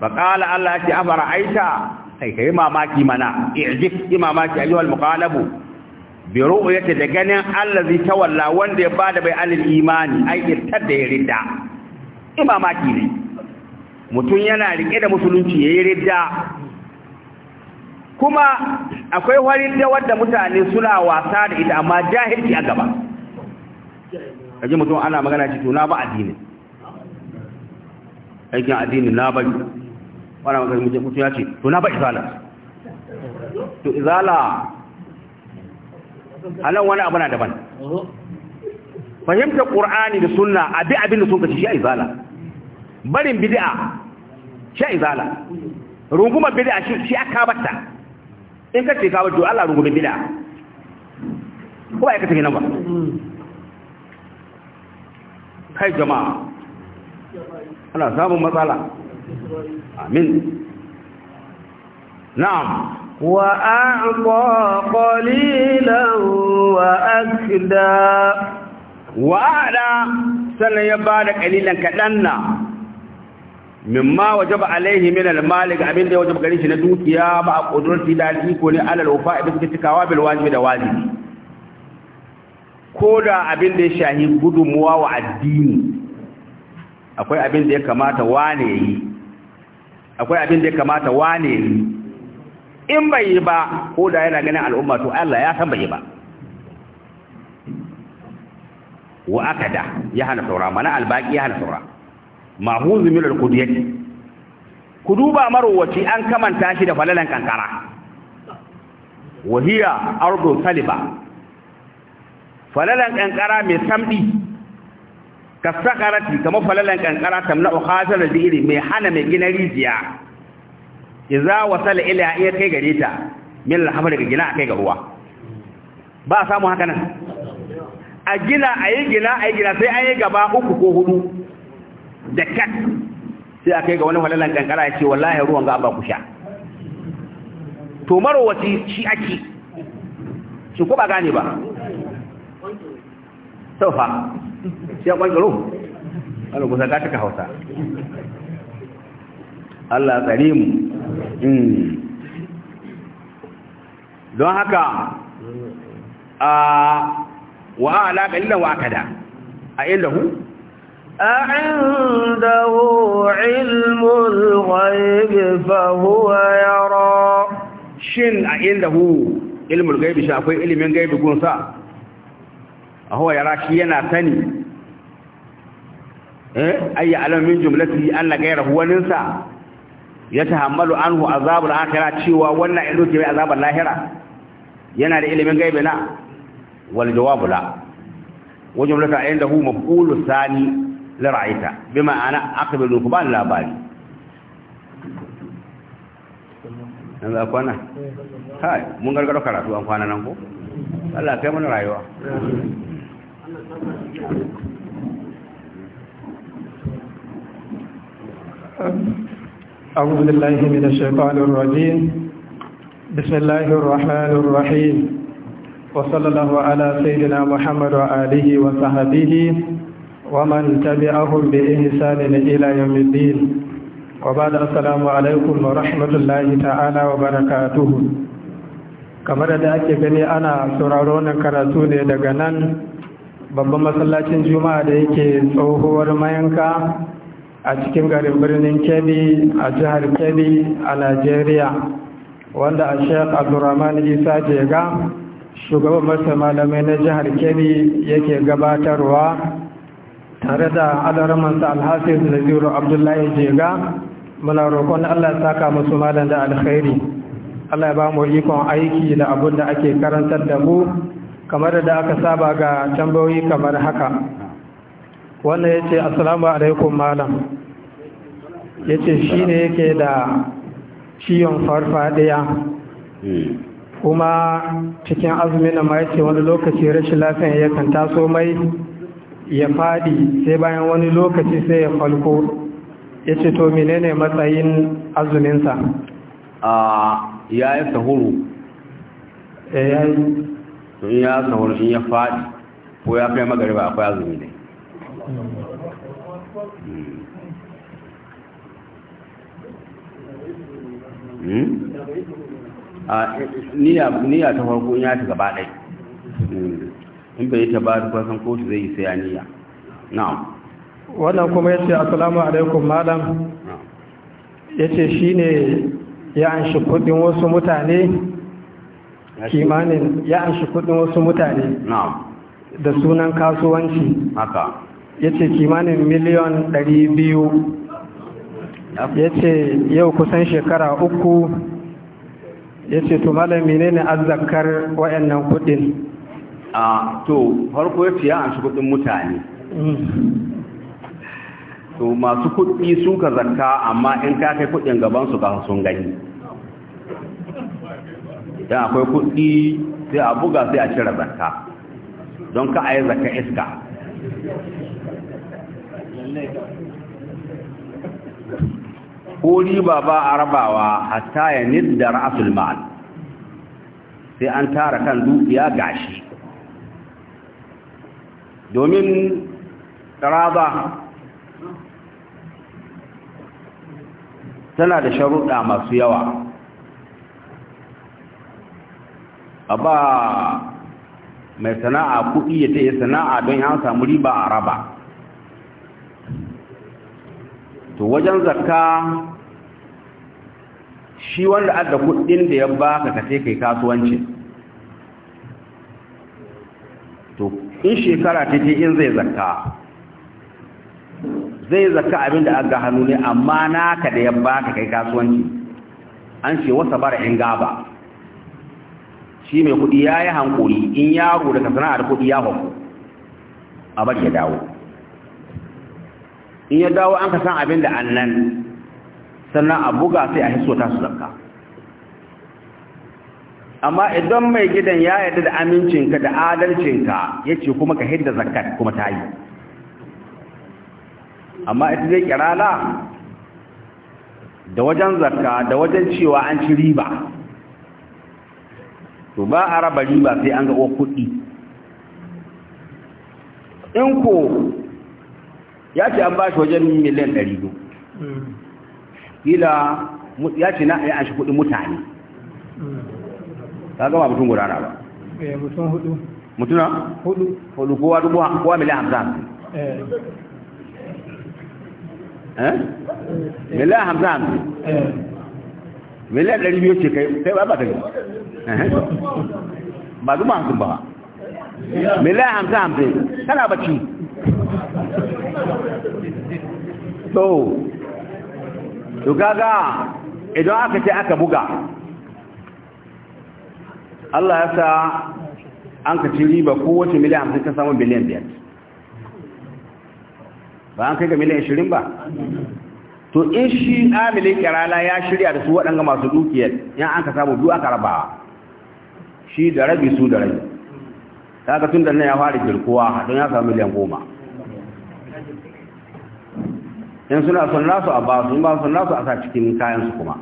fa qala Allah ya afara aita kai kai mamaki mana i'jif imamaki ayyuhal muqalabu bi ru'yati da ganin allazi tawalla wanda ya bada bai alil imani ai irtar da ya ridda imamaki ne mutum yana rike da musulunci yayi ridda kuma akwai warin da wanda mutane suna wasa da ita amma jahilci a gaba kaji mutum ana magana ci to na ba addini aikin addini na ba wani magana mutun ya ce to na ba izala to izala nan wani abu na daban fahimtar qur'ani da a bi abin da sun ci shi izala barin bidi'a shi izala runguma bidi'a shi a aka batta in ka ce ka wajo Allah rungume bidi'a ko ba ka tafi nan ba kai jama'a ana samun matsala amin na'am وأعطى قليلا وأكدا وأعطى سنة يبارك قليلا كدنا مما وجب عليه من المالك أبين دي وجب قليش ندوك يا مع قدرة دالي كوني على الوفاء بس بسكتكاوا بالواجب دواجب كودا أبين دي شاهي قدم واو الدين akwai abin da ya kamata wane yi akwai abin da ya kamata wane yi in bai yi ba ko da yana ganin al'umma to Allah ya san bai yi ba wa akada ya hana saura mana albaki ya hana saura ma huzu min alqudiyati ku duba marwaci an kamanta shi da falalan kankara wa hiya ardu saliba falalan kankara mai samdi kasakarati kamar falalan kankara tamna ukhazal da mai hana mai gina rijiya Iza wasala ila iya kai gare ta min alhamar ga gina kai ga ruwa ba a samu haka nan a gina a yi gina a yi gina sai an yi gaba uku ko hudu da kat sai a kai ga wani walalan kankara ya ce wallahi ruwan ga ba ku sha to marowaci shi ake shi ko ba gane ba sofa shi ya kwankiro wani kusa ka cika hausa Allah tsare mu hmm. don haka a wa ala da wa akada a hu عنده علم الغيب فهو يرى shin a inda hu ilmul gaibi shi akwai ilimin gaibi gunsa yara shi yana sani eh ayya alamin an Allah gaira huwaninsa ya tahammalu anhu azabul akhirah cewa wannan ido ke mai azabul lahira yana da ilimin gaibi na wal jawabu la wajen lata hu maf'ulu sani la ra'aita bima ana aqbilu kuban bali nan da kwana kai mun gargado karatu an kwana nan ko Allah kai mana rayuwa Thank um, you. أعوذ بالله من الشيطان الرجيم بسم الله الرحمن الرحيم وصلى الله على سيدنا محمد وآله وصحبه ومن تبعهم بإحسان إلى يوم الدين وبعد السلام عليكم ورحمة الله تعالى وبركاته kamar da ake gani ana sauraro na karatu ne daga nan babban masallacin juma'a da yake tsohuwar mayanka a cikin garin birnin kebbi a jihar kebbi a najeriya wanda a shek abdurrahman isa jega shugaban masa malamai na jihar kebbi yake gabatarwa tare da alaramansa alhafiz naziru abdullahi jega muna rokon allah saka musu malam da alkhairi allah ya ba mu ikon aiki da abun da ake karantar da mu kamar da aka saba ga tambayoyi kamar haka wannan ya ce assalamu alaikum malam ya ce shi ne yake da ciwon farfadiya hmm. kuma cikin azumi na ma ya wani lokaci rashin lafiya yakan taso mai ya fadi sai bayan wani lokaci sai ya falko ya ce to menene matsayin azuminsa ya yi sahuru eh, ya yi ya sahuru in ya fadi ko ya kai magariba akwai azumi ne Hmm? Ah, niyya ta farko ya ta gaba ɗai hmm. in bai ta ba duk wasan kotu zai yi sai saya niyya na'am wannan kuma ya ce asalamu alaikum malam ya ce shi ne ya an shi kudin wasu mutane kimanin ya an shi kudin wasu mutane da sunan kasuwanci haka ya ce kimanin miliyan 200 ya ce yau kusan shekara uku ya ce to malami ne ne azzakar wayannan kudin a to farko ya ce ya an mutane mm. to masu kudi su ka zakka amma in ka kai kudin gaban su ka sun gani idan akwai kudi sai a buga sai a cire zakka don ka a yi zakka iska ko ni ba a rabawa hatta ya nidda ra'asul ma'al sai an tara kan dukiya gashi domin raba tana da sharuɗa masu yawa a mai sana'a kuɗi ya ta sana'a don ya samu riba a raba to wajen zakka shi wanda adda kudin da ya baka ka sai kai kasuwanci to in shekara ta ce in zai zakka zai zakka abin da aga hannu ne amma naka da ya baka kai kasuwanci an ce wasa bara in gaba shi mai kudi ya yi hankuri in yaro daga sana'ar kudi ya hukku a bari ya dawo in ya dawo an ka san abin da annan sannan a buga sai a hiso su zakka amma idan mai gidan ya yarda da amincinka da adalcinka ya ce kuma ka hidda zakat kuma ta yi amma ita zai kirala da wajen zakka da wajen cewa an ci riba to ba a raba riba sai an ga kuɗi in ko ya ce an ba shi wajen miliyan 200 kila ya ce na ya an shi kudin mutane ta gama mutum gudana ba eh, mutum hudu mutuna hudu kowa dubu kowa miliyan hamsin eh. Eh? miliyan hamsin hamsin miliyan ɗari biyu ce kai sai ba ba ta gaba ba zuma hamsin ba miliyan hamsin hamsin tana bacci to to gaga idan aka ce aka buga Allah ya sa an ka ci riba kowace miliyan hamsin ta samu biliyan biyar ba an kai ga miliyan shirin ba to in shi amilin kirala ya shirya da su waɗanga masu dukiyar yan an ka samu duk aka rabawa shi da rabi su da rabi ka tun da nan ya fara girkuwa don ya samu miliyan goma in suna son nasu a ba su ba son nasu a sa cikin kayansu kuma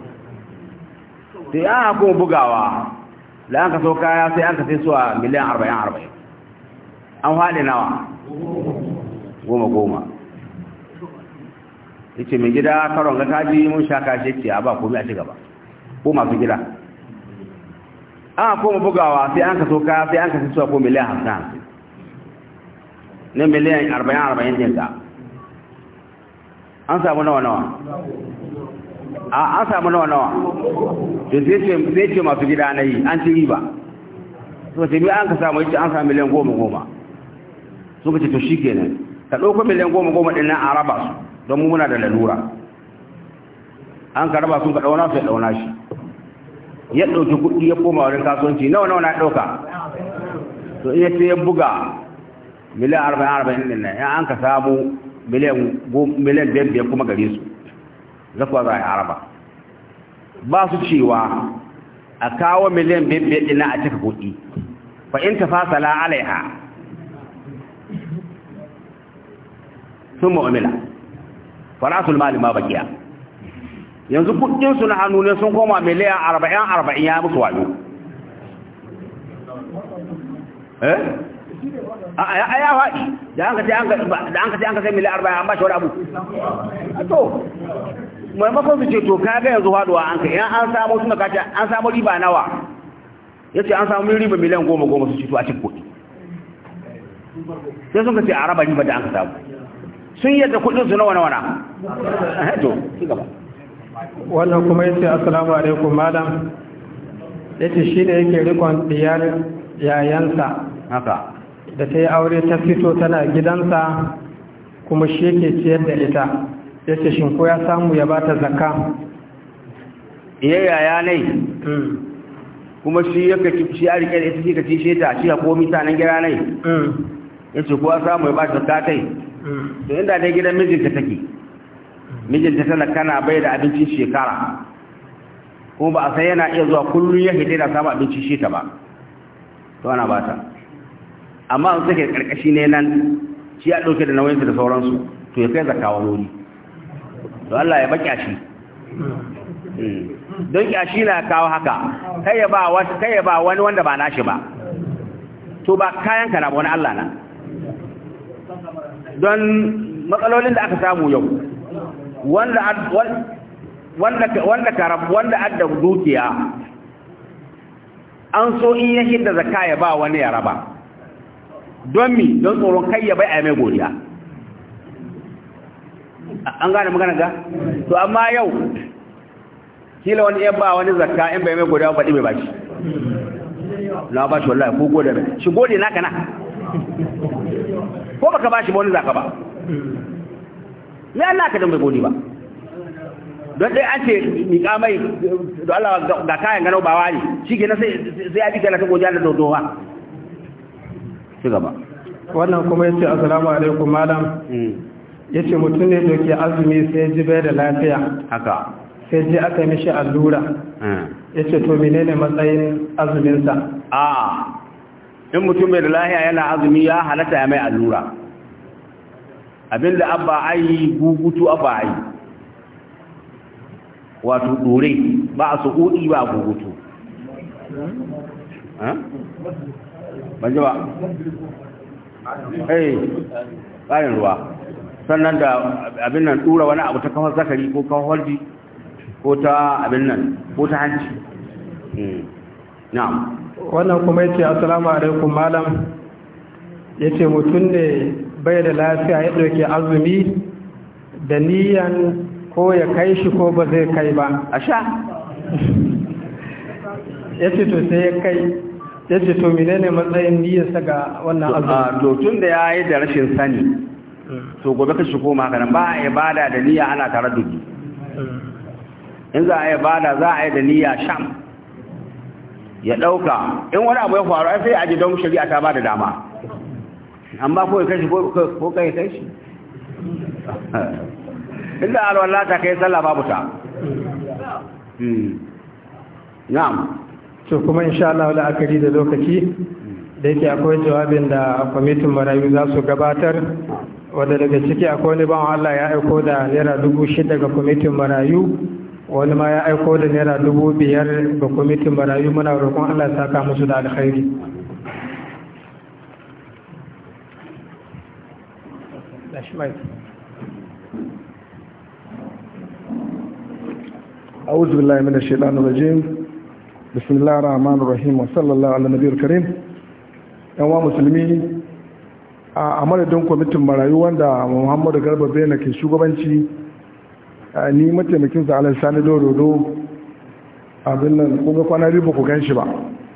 sai an haku bugawa da an ka so kaya sai an ka sai suwa miliyan arba'in arba'in an haɗe nawa goma goma yace mai gida karon ga kaji mun sha kashe ce a ba komai a ci gaba ko masu gida an haku bugawa sai an ka so kaya sai an ka sai suwa ko miliyan hamsin ne na miliyan arba'in arba'in ɗin ka an samu nawa nawa a an samu nawa nawa da sai ce masu gida na yi an ci riba so sai an ka samu yace an samu miliyan goma goma ka ce to shi kenan ka ɗauko miliyan goma goma ɗin nan a raba su don mu muna da lalura an ka raba sun ka ɗauna su ya ɗauna shi ya ɗauki kuɗi ya koma wurin kasuwanci nawa nawa na ɗauka to iya ce ya buga miliyan arba'in arba'in ɗin nan ya an ka samu miliyan biyar biyar kuma gare su zakuwa za a yi araba ba su cewa a kawo miliyan biyar biyar ɗina a cika kudi fa in ta la'alai ha sun ma'amila farasul malima bakiya yanzu kuɗinsu na hannu ne sun koma miliyan arba'in arba'in ya musu wayo eh a ya faɗi da an ka ce an ka sai miliyan arba'in an ba shi wani abu to maimakon su ce to kaga yanzu haɗuwa an ka yan an samu suna kace an samu riba nawa ya ce an samu riba miliyan goma goma su cito a cikin kuɗi sai sun ka ce a raba riba da an ka samu sun yadda kuɗin su na wana wana eh, to ci gaba wannan kuma yace assalamu alaikum madam yace ne yake rikon diyar yayansa haka da ta yi aure ta fito tana gidansa kuma shi ke ciyar da ita ya ce shinko ya samu ya ba ta zaka iya eh, yaya ne hmm. kuma shi ya kaci shi a rike da ita shi kaci shi ta shi ya komi ta nan gira ne hmm. ya ce kuwa samu ya ba ta zaka ta yi hmm. to inda dai gidan mijinta take mijinta tana kana bai da abincin shekara kuma ba a san yana iya zuwa kullum ya hita da samu abincin shi ta ba to ana ba ta amma an suke karkashi ne nan shi ya dauke da nauyinsu da sauransu to ya kai zakawa wuri to Allah ya baki shi hmm. don kyashi na kawo haka kai ya ba wani kai ya ba wani wanda ba nashi ba to ba kayan ka na ba wani Allah na don matsalolin da aka samu yau wanda wanda wanda rabu wanda adda dukiya an so in ya da zakaya ba wani ya raba don mi don tsoron kai ya bai a mai godiya an gane magana ga to amma yau kila wani yan ba wani zakka in bai mai godiya ba ɗi bai bashi na shi wallahi ko gode mai shi gode na kana ko baka shi ba wani zakka ba Ya Allah ka dan bai gode ba don dai an ce miƙa mai da Allah ga kayan ganau ba wani shi ke na sai ya bi kana ta godiya da dodowa ci gaba wannan kuma yace assalamu alaikum malam mm. yace mutum ne da ke azumi sai ji bai da lafiya haka sai ji aka mishi allura mm. yace to menene matsayin azumin sa a in mutum bai da lafiya yana azumi ya halatta ya mai allura abinda abba ayi gugutu abba ayi wato dore ba a su'udi ba gugutu ban ba eh kayan ruwa sannan da abin nan ɗura wani abu ta kawar zakari ko kawar holdi ko ta abin nan ko ta hanci hmm. na'am wannan kuma yace assalamu alaikum malam yace mutum ne bai da lafiya ya dauke azumi da niyan ko ya kai shi ko ba zai kai ba Asha. yace to sai ya kai ya ce to menene matsayin sa ga wannan ah, azumi to tun da ya yi da rashin sani to gobe ka shigo maganin ba a ibada da niyya ana tare da in za a yi bada za a yi da niyya sham ya ɗauka in wani abu ya faru ai sai a ji don shari'a ta ba da dama amma ko ya kai shi ko kai kai shi inda alwallata kai sallah babu ta hmm. na'am to kuma insha Allah la'akari da lokaci da yake akwai jawabin da kwamitin marayu za su gabatar wadda daga ciki akwai wani ban Allah ya aiko da naira dubu shida ga kwamitin marayu wani ma ya aiko da naira dubu biyar ga kwamitin marayu muna roƙon Allah ya saka musu da alkhairi أعوذ بالله من الشيطان الرجيم bismillah rahman rahim wa sallallahu ala nabiyar karim yanwa musulmi a madadin kwamitin marayu wanda muhammadu garba bena ke shugabanci a ni mataimakin sa alal sani dododo abin nan kuma kwana biyu ba ku gan shi ba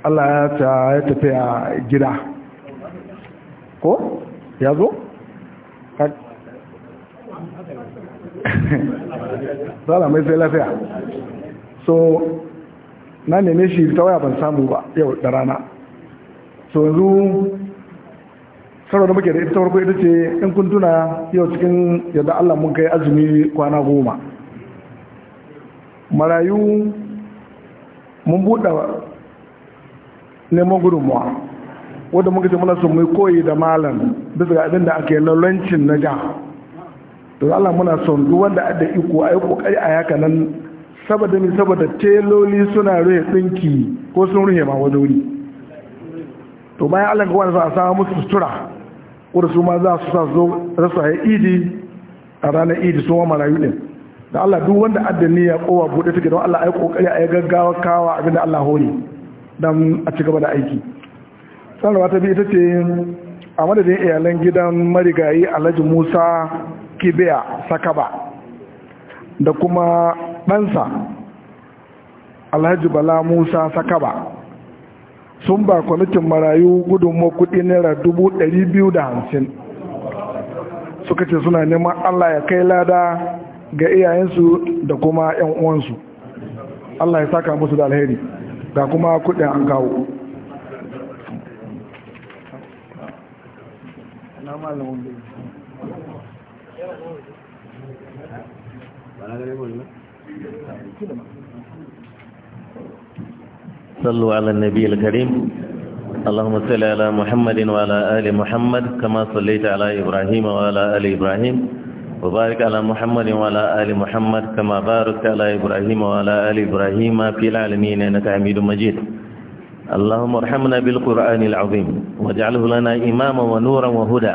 allah ya ta ya tafi a gida ko ya zo za a mai sai lafiya so na neme shi ta waya ban samu ba yau da rana so yanzu sarwa da muke da ita farko ita ce in kun tuna yau cikin yadda Allah mun kai azumi kwana goma marayu mun buɗe neman gudunmuwa wadda muka ce muna sun mai koyi da malam bisa ga abin da ake lalancin na ja to Allah muna son duwanda wanda da iko a yi kokari a yaka nan saboda ne saboda teloli suna ruhe tsinki ko sun ruhe ma wani wuri to bayan allah ga wani za a samu musu sutura wadda su ma za su sa zo a yi idi a ranar idi su ma marayu ne. da allah duk wanda addini ya kowa buɗe take don allah a yi ƙoƙari a yi gaggawa kawa abinda allah hori don a ci gaba da aiki sanarwa wata biyu ita ce a madadin iyalan gidan marigayi alhaji musa kibiya sakaba da kuma ɗansa alhaji bala musa sakaba sun ba kwamitin marayu gudunmu kudi naira hamsin. suka ce suna neman allah ya kai lada ga iyayensu da kuma 'yan uwansu allah ya saka musu da alheri ga kuma kudin an kawo Gracias. صلوا على النبي الكريم اللهم صل على محمد وعلى آل محمد كما صليت على إبراهيم وعلى آل إبراهيم وبارك على محمد وعلى آل محمد كما باركت على إبراهيم وعلى آل إبراهيم في العالمين إنك حميد مجيد اللهم ارحمنا بالقرآن العظيم واجعله لنا إماما ونورا وهدى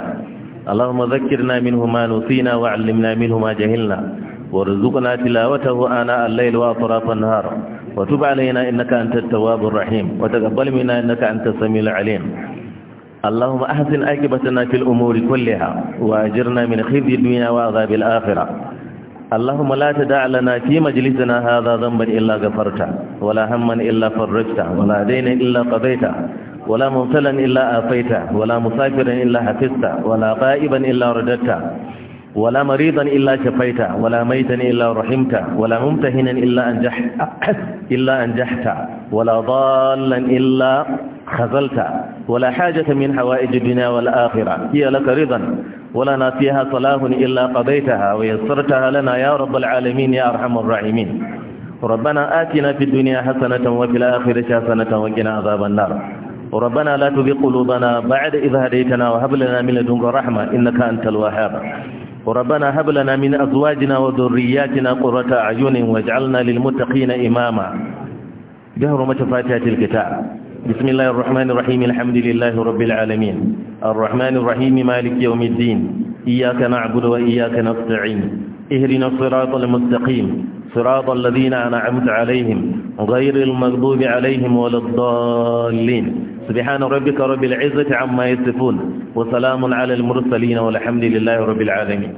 اللهم ذكرنا منه ما نسينا وعلمنا منه ما جهلنا وارزقنا تلاوته آناء الليل وأطراف النهار وتب علينا إنك أنت التواب الرحيم وتقبل منا إنك أنت السميع العليم اللهم أحسن عاقبتنا في الأمور كلها وأجرنا من خزي الدنيا وعذاب الآخرة اللهم لا تدع لنا في مجلسنا هذا ذنبا إلا غفرته ولا هما إلا فرجته ولا دينا إلا قضيته ولا مبتلا إلا آفيته ولا مسافرا إلا حفظته ولا غائبا إلا رددته ولا مريضا إلا شفيت ولا ميتا إلا رحمت ولا ممتهنا إلا أنجحت إلا أنجحت ولا ضالا إلا خذلت ولا حاجة من حوائج الدنيا والآخرة هي لك رضا ولا فيها صلاه إلا قضيتها ويسرتها لنا يا رب العالمين يا أرحم الراحمين ربنا آتنا في الدنيا حسنة وفي الآخرة حسنة وقنا عذاب النار ربنا لا تذق قلوبنا بعد إذ هديتنا وهب لنا من لدنك رحمة إنك أنت الوهاب وربنا هب لنا من أزواجنا وذرياتنا قرة أعين واجعلنا للمتقين إماما جهر فاتحة الكتاب بسم الله الرحمن الرحيم الحمد لله رب العالمين الرحمن الرحيم مالك يوم الدين إياك نعبد وإياك نستعين اهدنا الصراط المستقيم صراط الذين أنعمت عليهم غير المغضوب عليهم ولا الضالين سبحان ربك رب العزة عما يصفون وسلام على المرسلين والحمد لله رب العالمين